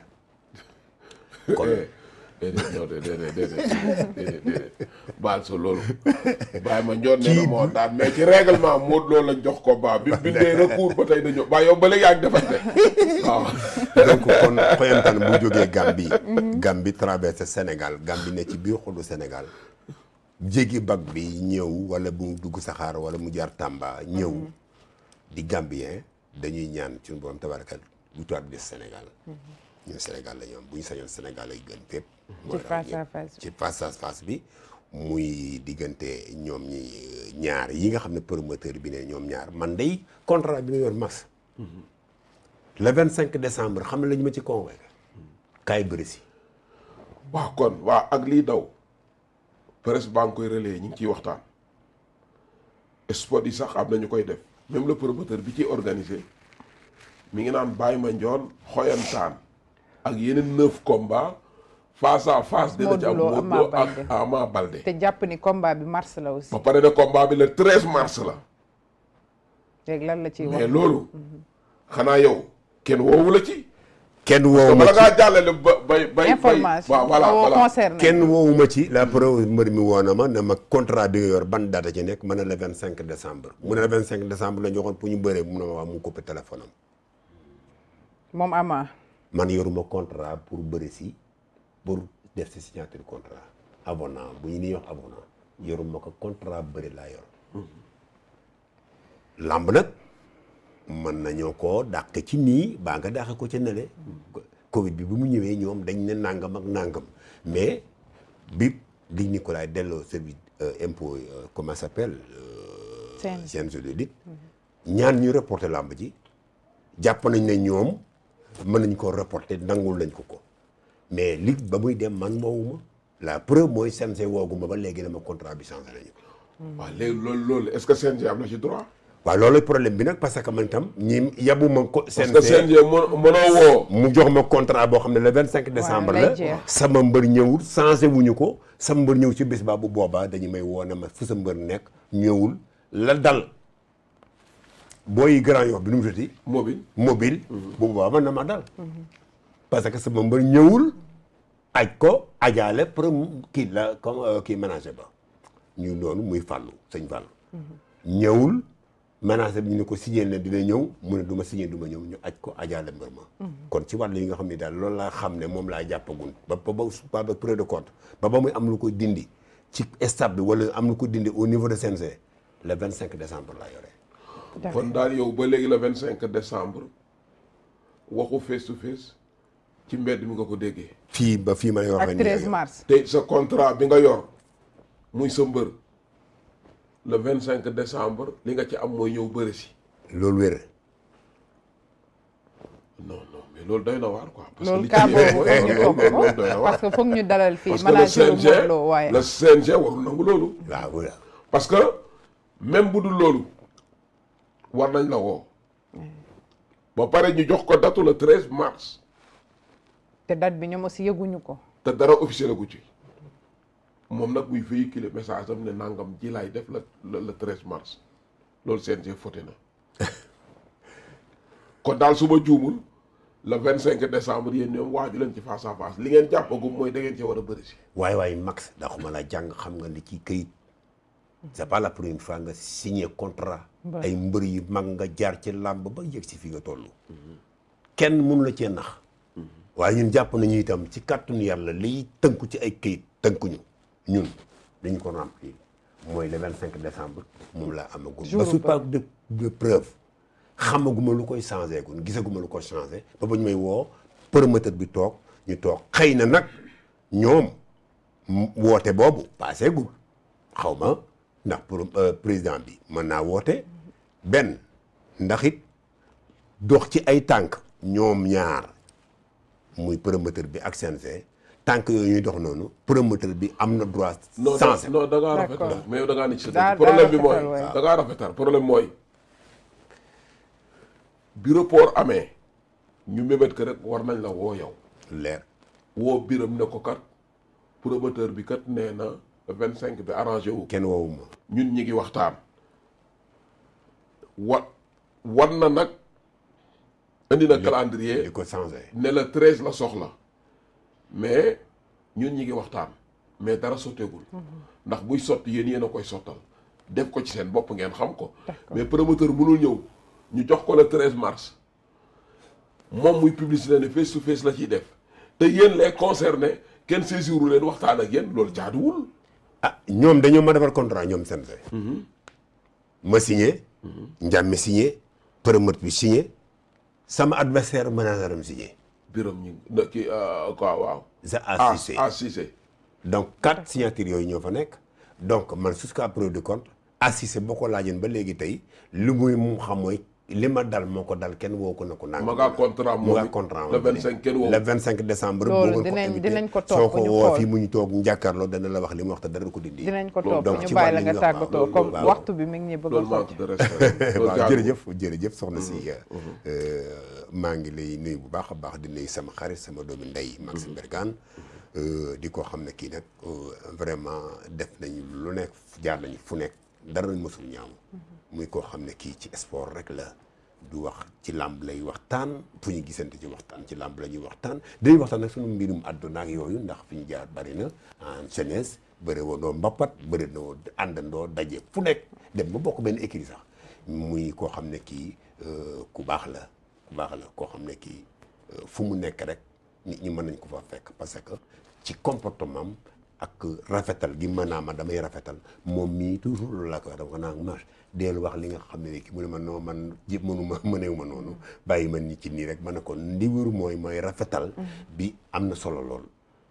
kon déedéet déedéet déedéet déedéet baal sa loolu ma njoon nee na moo daan mais ci règlement moo loolu lañ jox ko baa bi bi dee recours ba tey dañoo baa yow ba léegi yaa ah. donc kon xoyantaan bu jógee Gambie Gambie traversé Sénégal Gambie ne ci biir xolu Sénégal jéggi bag bi ñëw wala bu dugg saxaar wala mu jaar Tamba ñëw mm-hmm. di Gambien dañuy ñaan ci borom tabarakal du tubaab des Sénégal. Mm-hmm. ñun Sénégal la am bu ñu sañoon Sénégal lay gën fépp. Mm-hmm. ci face à face bi ci bi. muy diggante ñoom ñi ñaar yi nga xam ne promoteur bi ne ñoom ñaar man day contrat bi ma yoon mars. Mm-hmm. le vingt cinq décembre xam ne la ma ci convoqué. kaay bëri si. waaw kon waa ak lii daw presse baa ngi koy relayer ñu ngi ciy waxtaan. sport yi sax am na ñu koy def même le promoteur bi ciy organisé. mi ngi naan Baye Mandione xoyantaan ak yeneen neuf combats face à face. dina ci am Modou Lo jàpp ni combat bi mars la aussi. ba pare ne combat le treize mars la. léegi lan la ciy wax mais loolu. xanaa yow kenn woowu la ci. kenn woowu ma ci bala woowu ma ci. la preuve mbër mi woon na ma ne ma contrat ci nekk mën na le vingt cinq décembre. mu la ñu waxoon ñu bëree mu ne ma waa mu coupé téléphone moom Ama. man yoruma contrat pour bëri si pour def si signature contrat abonnement bu ñu ni wax abonnement yoruma ko contrat bëri laa yor. làmb nag mën nañoo ko dàq ci nii baa nga dàq ko ci nële. Covid bi bu mu ñëwee ñoom dañ ne nangam ak nangam mais bi ko laay delloo service euh, impôt euh, comment ça s'appelle. CNG de lutte ñaan ñu reporté làmb ji jàpp nañ ne ñoom. mën nañ koo reporter nangul lañ ko ko mais li ba muy dem man moowuma la preuve mooy CNG wooguma ba léegi dama contrat bi changé nañu ko. waaw loolu loolu est-ce que CNG am na ci droit. waaw loolu problème bi nag parce que man itam ñi yebuma ma ko CNG parce que mu jox ma contrat boo xam ne la le 25 décembre la sama mbër ñëwul changé wuñu ko sama mbër ñëw ci bés baa bu boobaa dañu may woo ma fu sa mbër nekk ñëwul la dal. booy grand yox bi nu mu tëddee. mobile mobile. Mhm. bu boobaa mën na ma dal. Mhm. parce que sama mbër ñëwul. aj ko ajaale pour kii la comme euh, kii ménager ba ñu noonu muy fàllu sëñ fàllu mhm. ñëwul ménager bi ñu ne ko signé na dina ñëw mu ne du ma signé du ma ñëw ñu aj ko ajaale mbër ma kon ci wàll yi nga xam ne daal loolu laa xam ne moom laa jàppagun ba ba ba ba ba ba muy am lu ko dindi ci stade bi wala am lu ko dindi au niveau de CNG le vingt cinq décembre laa yore kon daal yow ba léegi le vingt cinq décembre waxu face to face ci mbedd mi nga ko déggee. fii ba fii ma lay wax. ak treize te sa contrat bi nga yor muy sa mbër le vingt cinq décembre li nga ci am mooy ñëw bëri si. loolu wér. non non mais loolu doy na waar quoi. parce que li bu dul loolu. war nañ la woo. ba pare ñu jox ko datu le treize mars. te dat bi ñoom aussi yëguñu ko. te dara officiel gu ci. moom nag muy véhiculer message am ne nàngam ji laay def la le treize mars loolu CNG foté na kon daal su ma juumul le vingt cinq décembre yéen ñoom waaju leen ci face à li ngeen jàppagum mooy da ngeen war a bëri si. waaye waaye Max daxuma la jàng xam nga li ci këyit c'est pas la première fois nga signé contrat ay mbër yu mag nga jaar ci làmb ba yegg ci fii nga toll. kenn mënu la cee nax. waaye ñun jàpp nañu itam ci kàttanu yàlla liy tënku ci ay këyit tënkuñu ñun dañu ko remplir mooy le décembre moom laa amagum. jour ba su pas de de preuve xamaguma lu koy changé gun gisaguma lu ko changé ba ba ñu may woo promoteur bi toog ñu toog xëy na nag ñoom woote boobu paasee gul xaw ndax pour euh, président bi mën naa woote benn ndax it dox ci ay tànk ñoom ñaar muy promoteur bi ak CNG tànk yooyu ñuy dox noonu promoteur bi am na droit. sensé non da ngaa rafetal mais yow da ngaa nekk ci problème bi bi amee ñu mébét ko war nañ la woo yow. leer woo kat promoteur vingt cinq bi arrangé wu kenn woowu ma ñun ñi ngi waxtaan wa wan na nag indi na calendrier li ko changé ne la treize la soxla mais ñun ñi ngi waxtaan mais dara sotteegul ndax buy sotti yéen yéen a koy sottal def ko ci seen bopp ngeen xam ko mais promoteur mënul ñëw ñu jox ko le treize mars moom muy publicité ne face to face la ciy def te yéen les concernés kenn saisiru leen waxtaan ak yéen loolu jaaduwul ah ñoom dañoo ma defar contrat ñoom CNG. Mhm. ma signé. Mhm. Ndiame signé. promoteur bi signé. sama adversaire manager am signé. biram ñu kii euh, quoi waaw. c'est ACC ACC. donc quatre signatures yooyu ñoo fa nekk. donc man jusqu'à preuve du compte. ACC boo ko laajoon ba léegi tey lu muy mu xam li ma dal moo ko dal kenn woo ko na ko naan ma ngaa contrat moom ma ngaa contrat le 25 kenn woo le 25 décembre loolu dinañ ko topp soo ko woo fii ñu toog njàkkaarloo dana la wax li mu wax te dara ko dindi dinañ ko topp ñu bàyyi la nga tàggatoo comme waxtu bi mi ngi ñuy bëgg a xoj waaw jërëjëf jërëjëf soxna si mm-hmm. euh, maa ngi lay nuyu bu baax a baax di nuyu sama xarit sama doomi ndey Maxime mm-hmm. Bergane euh, di ko xam ne kii nag euh, vraiment def nañu lu nekk jaar nañu fu nekk dara mësul ñaaw muy koo xam ne kii ci sport rek la du wax ci làmb lay waxtaan fu ñu gisante ci waxtaan ci làmb la ñuy waxtaan dañuy waxtaan nag suñu mbirum àddunaak yooyu ndax fu ñu jaar bari na en jeunesse bëri woonoo mbappat bëri noo àndandoo daje fu nekk dem ba bokk benn écrit sax muy koo xam ne kii euh, ku baax la ku baax la koo xam ne kii euh, fu mu nekk rek nit ñi mën nañ ko fa fekk parce que ci comportement ak rafetal gi mën naa ma damay rafetal moom mii toujours loolu laa koy wax dama ko naan ma dellu wax li nga xam ne ki mu ne ma noo man ji mënuma mëneewu ma noonu bàyyi man ñi ci nii rek ma ne ko li wër mooy mooy rafetal bi am na solo lool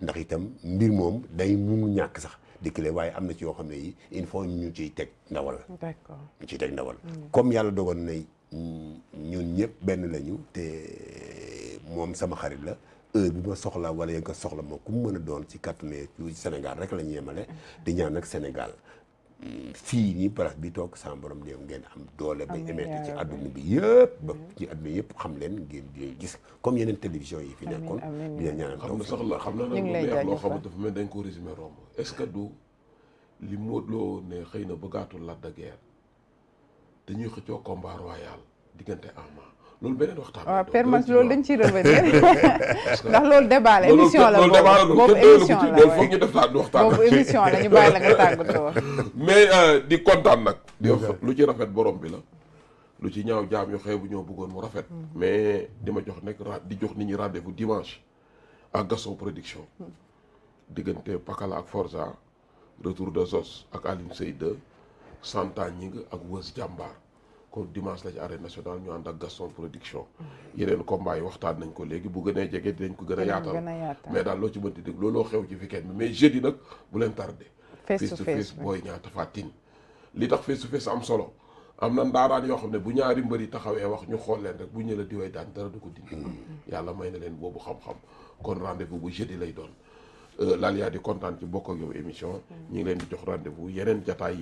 ndax itam mbir moom day munu ñàkk sax dikkile waaye am na ci yoo xam ne yi il faut ñu ciy teg ndawal d'accord ñu ciy teg ndawal mm. comme yàlla dogal na ñun ñëpp benn lañu te moom sama xarit la heure bu ma soxla wala yaa soxla moom ku mën a doon ci kàttanu ci Sénégal rek la ñu yemale. di ñaan ak Sénégal fii nii place bi toog sama borom dem ngeen am doole. ba émettre ci àdduna bi yëpp. ba mm-hmm. ci adduna yëpp xam leen ngeen gis comme yeneen télévision yi fi nekkoon. amiin di leen ñaanal taw xam nga xam naa nag loo dafa mel dañ ko résumé romb est-ce que li Modou loo ne xëy na bëggaatul Lac de Guiers dañuy xëccoo combat royal diggante Ama loolu beneen waxtaan waaw permanence loolu dañ ciy revenir ndax loolu débat émission la boobu émission la loolu ñu def taan waxtaan boobu la ñu bàyyi la nga mais euh, di kontaan nag lu ci rafet borom bi la lu ci ñaaw jaam yu bu ñoo bëggoon mu rafet hmm. mais di ma jox nekk di jox nit ñi rendez-vous dimanche ak Gaston Production hmm. diggante Pakala ak Forza retour de Zos ak Alim Seyde Santa Ñing ak Wës Jàmbaar ko dimanche la ci arène nationale ñu ànd ak Gaston production yeneen combat yi waxtaan nañ ko léegi bu gënee jege dinañ ko gën a yaatal mais daal loo ci mënti dégg looloo xew ci weekend bi mais jeudi nag bu leen tardé face to face booy ñaar Tapha Tine li tax face to am solo am na ndaaraan yoo xam ne bu ñaari mbëri taxawee wax ñu xool leen rek bu ñëla di daan dara du ko dindi yàlla may na leen boobu xam-xam kon rendez-vous bu jeudi lay euh, kontaan ci bokk ak yow émission mm. ñu ngi leen di jox rendez-vous yeneen jataay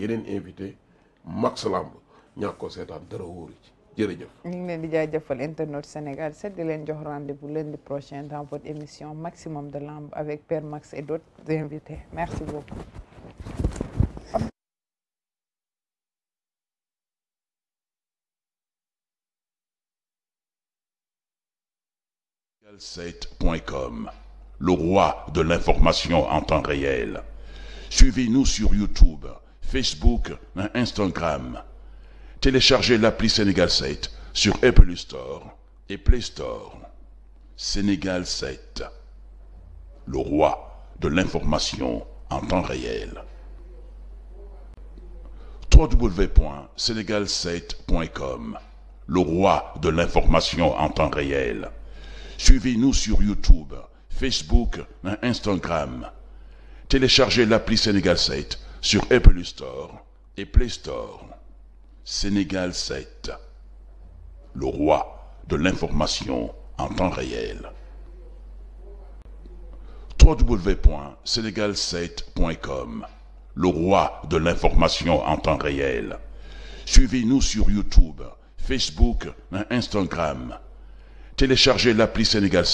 ñàkk jërëjëf. ñu ngi leen di jaajëfal internet Sénégal 7 di leen jox rendez-vous lundi prochain dans émission maximum de lamb avec Père Max et d'autres invités le roi de l'information en temps réel. Suivez-nous sur YouTube, Facebook, Instagram. Téléchargez l'appli Sénégal 7 sur Apple Store et Play Store. Sénégal 7, le roi de l'information en temps réel. www.senegal7.com, le roi de l'information en temps réel. Suivez-nous sur YouTube, Facebook et Instagram. Téléchargez l'appli Sénégal 7 sur et Play Store. Sénégal 7, le roi de l'information en temps réel. www.sénégal7.com, le roi de l'information en temps réel. Suivez-nous sur YouTube, Facebook, Instagram. Téléchargez l'appli Sénégal